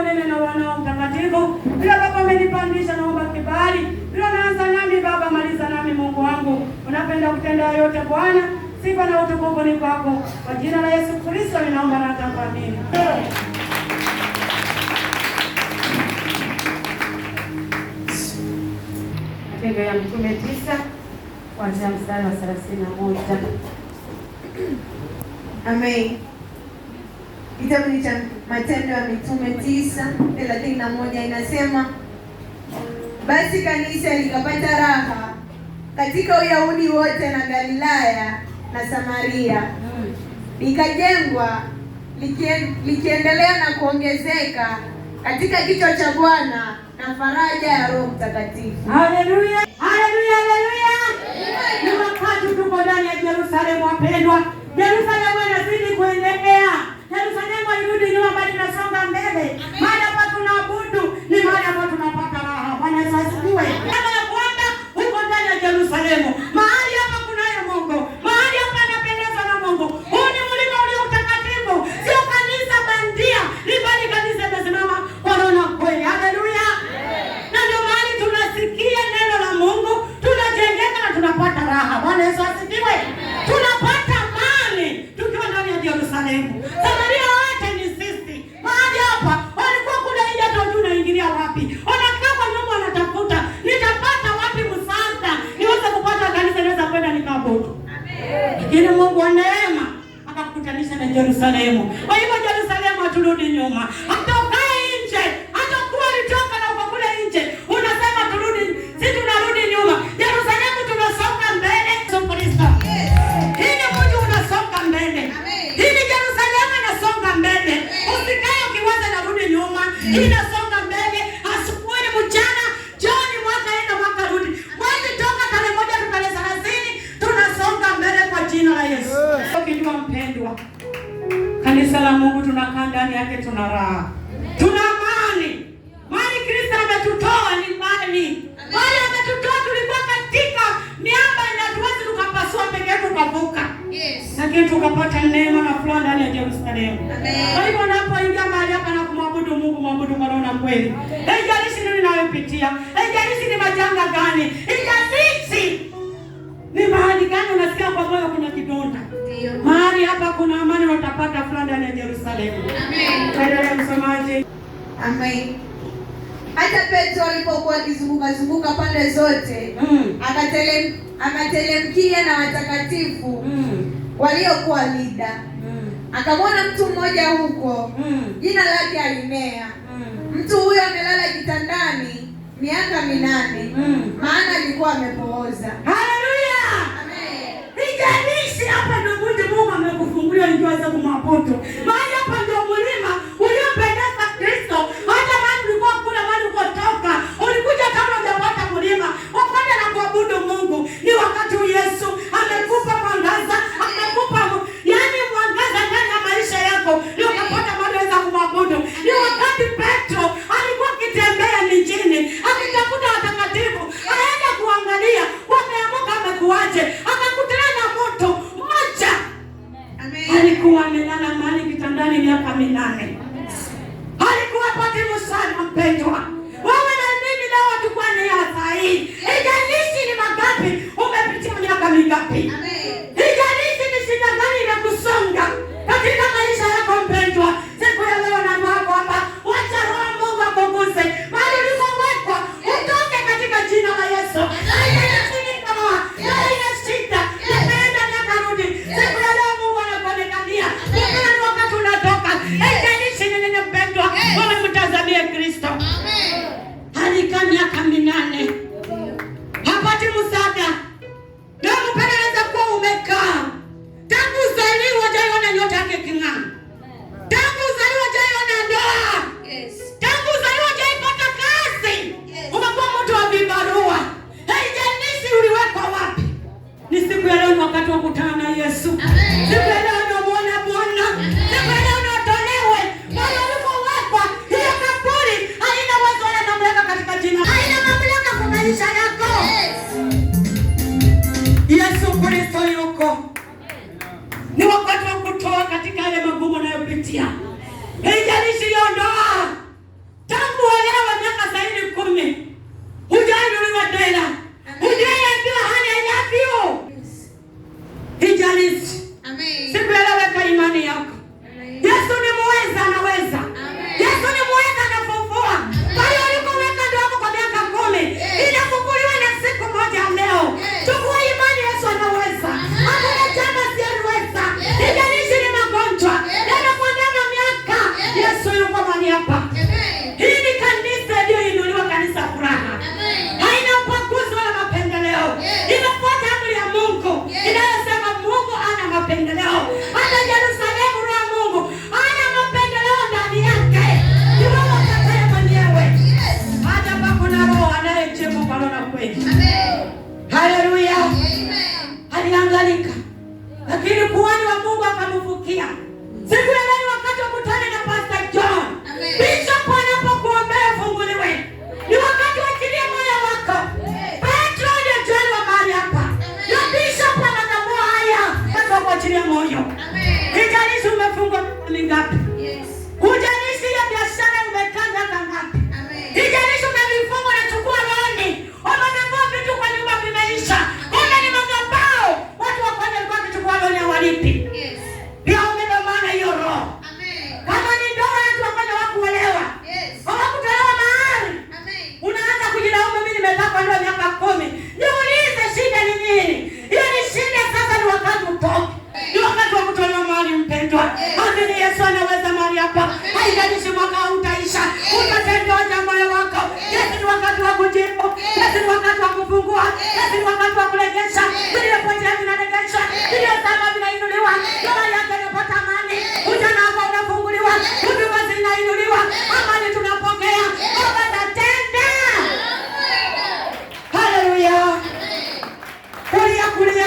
unene na wanao mtakatifu, bila Baba umenipandisha, naomba kibali bila, naanza nami Baba, maliza nami Mungu wangu, unapenda kutenda yote Bwana, sifa na utukufu ni kwako, kwa jina la Yesu Kristo ninaomba na kuamini. Matendo ya Mitume tisa kuanzia mstari wa thelathini na moja. Amen. Kitabu cha Matendo ya Mitume tisa thelathini na moja inasema basi kanisa likapata raha katika Uyahudi wote na Galilaya na Samaria, likajengwa likiendelea na kuongezeka katika kichwa cha Bwana na faraja ya Roho Mtakatifu. Haleluya, haleluya, haleluya! Ni tuko ndani ya Yerusalemu, wapendwa. jerusalemu inazidi kuendelea Yerusalemu hairudu nyuma, bali tunasonga mbele. Mahali hapa tunaabudu ni mahali hapa tunapata raha. Bwana asifiwe. Kama kwamba uko ndani ya Yerusalemu lakini Mungu wa neema akakutanisha na Yerusalemu. Kwa hivyo Yerusalemu, haturudi nyuma, hatokai nje, kuwa litoka na uko kule nje unasema turudi, si tunarudi nyuma. Yerusalemu tunasonga mbele, Kristo. Hili mji unasonga mbele, hili Yerusalemu inasonga mbele, usikae ukiwaza narudi nyuma. la Mungu tunakaa ndani yake, tuna raha, tuna amani, mali Kristo ametutoa ni mali mali ametutoa. Tulikuwa katika miamba na tuwezi tukapasua peke yetu tukavuka, lakini tukapata neema na furaha ndani ya Yerusalemu. Kwa hivyo napoingia mahali hapa na kumwabudu Mungu, mwabudu kwa roho na kweli, haijalishi nini nayopitia, haijalishi ni majanga gani, haijalishi ni mahali gani unasikia kwa moyo kuna kidonda? Ndio. Mahali hapa kuna amani na utapata furaha ndani ya Yerusalemu. Amen. Tuendelee msomaji. Amen. Hata Petro alipokuwa akizunguka zunguka pande zote mm. akatelem akatelemkia na watakatifu mm. waliokuwa Lida mm. akamwona mtu mmoja huko mm. jina lake Ainea mm. mtu huyo amelala kitandani miaka minane mm. maana alikuwa amepooza. Usijalishi hapa ndio Mungu amekufungulia njia za mapoto. Mahali hapa kupitia. Haijalishi hiyo ndio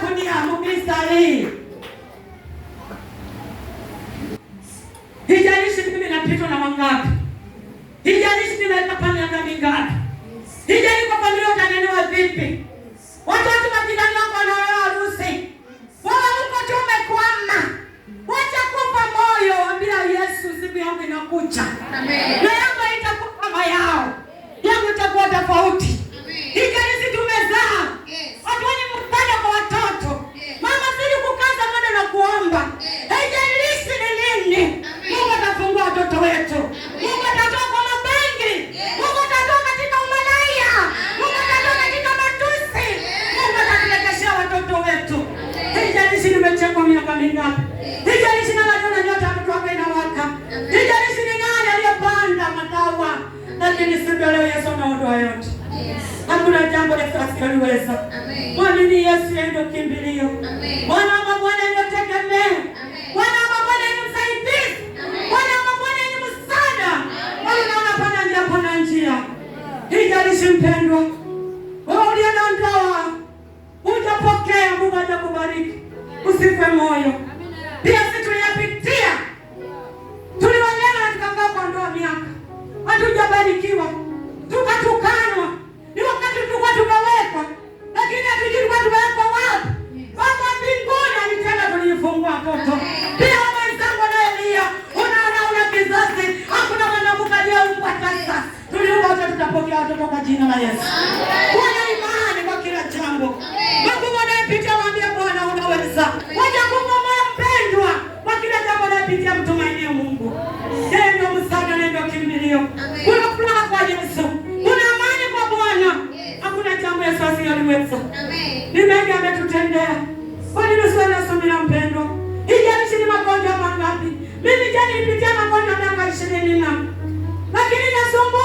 kunia mukrista hii hijalishi mimi napitwa na wangapi, hijalishi mimi naweka pa miaka mingapi, hijalishi kwa familia utanenewa vipi, watoto wa jirani wako wanaolewa harusi, wewe uko tu umekwama. Wacha kufa moyo bila Yesu, siku yangu inakuja na yangu haitakuwa kama yao, yangu itakuwa tofauti. Hijalishi tumezaa watu Mpendwa, watoto kwa jina la Yesu. Kuwa na imani kwa kila jambo. Mungu anayepita waambie Bwana unaweza. Waje Mungu moyo mpendwa kwa kila jambo anayepitia mtumainie Mungu. Yeye ndio msaada na ndio kimbilio. Kuna furaha kwa Yesu. Kuna amani kwa Bwana. Hakuna jambo Yesu asiyoweza. Amen. Ni mengi ametutendea. Kwa nini usiwe na subira mpendwa? Ijalishi ni magonjwa mangapi? Mimi jana nilipitia magonjwa miaka 20 na lakini nasumbuka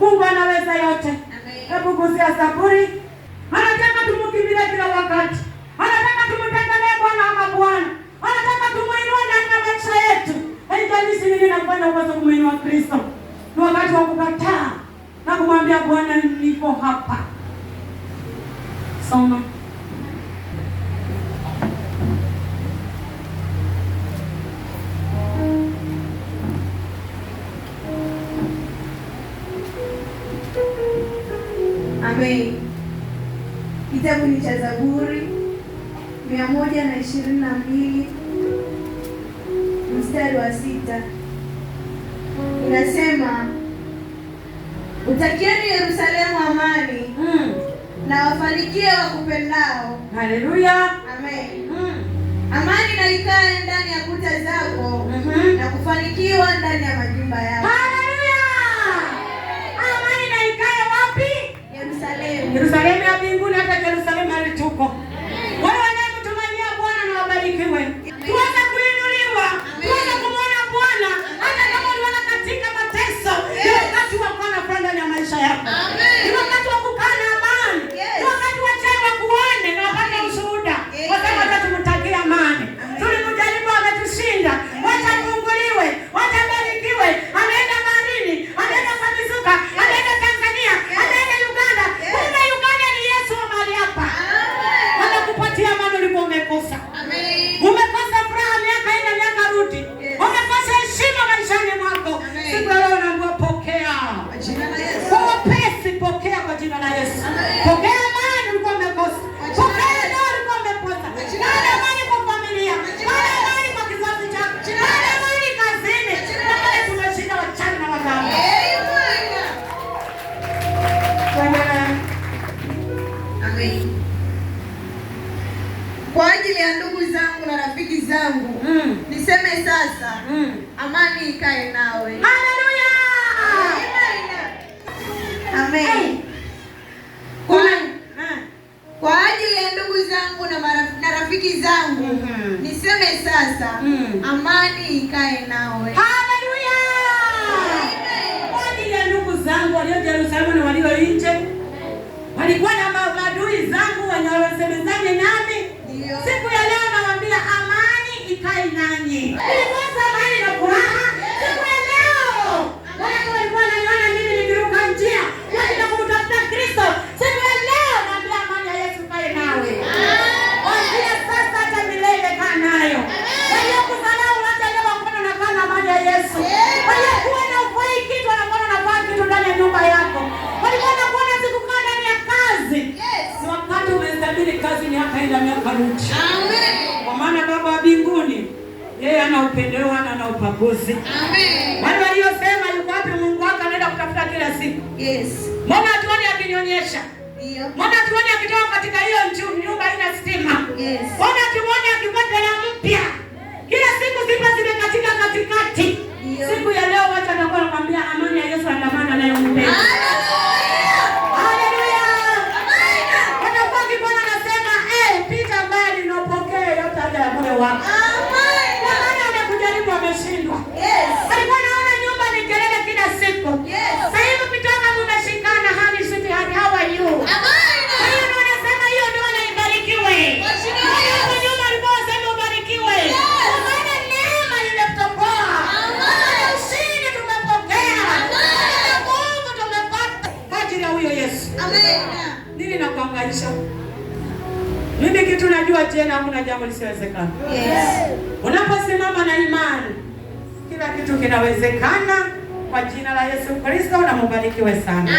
Mungu anaweza yote. Hebu gusia saburi. Anataka tumkimbilie kila wakati. Anataka tumpendelee Bwana ama Bwana. Anataka tumuinua ndani ya maisha yetu. Haijalisi nini na uweze kumuinua Kristo. Ni wakati wa kukataa na kumwambia Bwana, nipo hapa. Soma. Amen. Kitabu ni cha Zaburi mia moja na ishirini na mbili mstari wa sita inasema, utakieni Yerusalemu amani mm. na wafanikie wakupendao. Haleluya, amen mm. Amani na ikae ndani ya kuta zako mm -hmm. na kufanikiwa ndani ya majumba yako. Yerusalemu ya mbinguni hata Yerusalemu hali mm. Niseme sasa mm. Amani ikae nawe. Haleluya. Amen. Kwa, mm. Kwa ajili ya ndugu zangu na, maraf, na rafiki zangu mm -hmm. Niseme sasa mm. Amani ikae nawe. Haleluya. Kwa ajili ya ndugu zangu walio Jerusalemu na walio nje walikuwa na maadui zangu wenye wasemezane nami siku ya leo nawaambia nikae nanyi. Sasa mali na furaha Yes. Mbona hatuoni akinyonyesha? Ndio. Mbona hatuoni akitoka katika hiyo nyumba ina stima? Yes. Mbona hatuoni akipata la mpya? Kila siku zipo zimekatika katikati. Siku ya leo watu watakuwa wanakuambia amani ya Yesu andamana nayo mpendo. kisiwezekana. Yes. Unaposimama na imani kila kitu kinawezekana kwa jina la Yesu Kristo, na mubarikiwe sana.